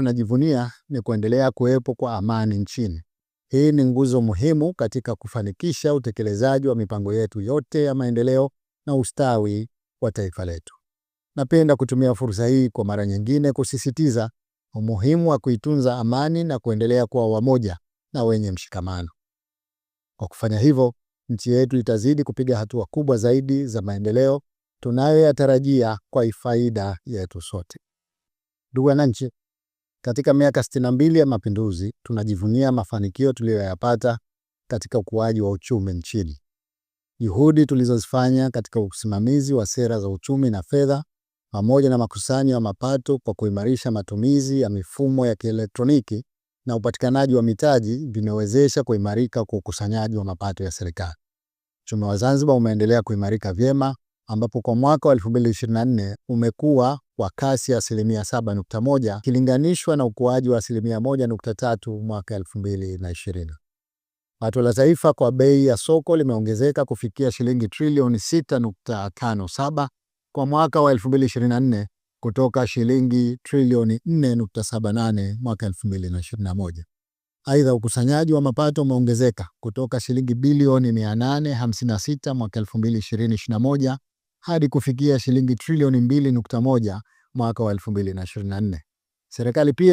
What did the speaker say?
tunajivunia ni kuendelea kuwepo kwa amani nchini. Hii ni nguzo muhimu katika kufanikisha utekelezaji wa mipango yetu yote ya maendeleo na ustawi wa taifa letu. Napenda kutumia fursa hii kwa mara nyingine kusisitiza umuhimu wa kuitunza amani na kuendelea kuwa wamoja na wenye mshikamano. Kwa kufanya hivyo, nchi yetu itazidi kupiga hatua kubwa zaidi za maendeleo tunayoyatarajia kwa faida yetu sote. Ndugu wananchi, katika miaka 62 ya mapinduzi, tunajivunia mafanikio tuliyoyapata katika ukuaji wa uchumi nchini. Juhudi tulizozifanya katika usimamizi wa sera za uchumi na fedha pamoja na makusanyo ya mapato kwa kuimarisha matumizi ya mifumo ya kielektroniki na upatikanaji wa mitaji vimewezesha kuimarika kwa ukusanyaji wa mapato ya serikali. Uchumi wa Zanzibar umeendelea kuimarika vyema ambapo kwa mwaka wa 2024 umekuwa kwa kasi ya asilimia 7.1 ikilinganishwa na ukuaji wa asilimia 1.3 mwaka 2020. Pato la taifa kwa bei ya soko limeongezeka kufikia shilingi trilioni 6.57 kwa mwaka wa 2024 kutoka shilingi trilioni 4.78 mwaka 2021. Aidha, ukusanyaji wa mapato umeongezeka kutoka shilingi bilioni 856 mwaka hadi kufikia shilingi trilioni 2.1 mwaka wa 2024. Serikali pia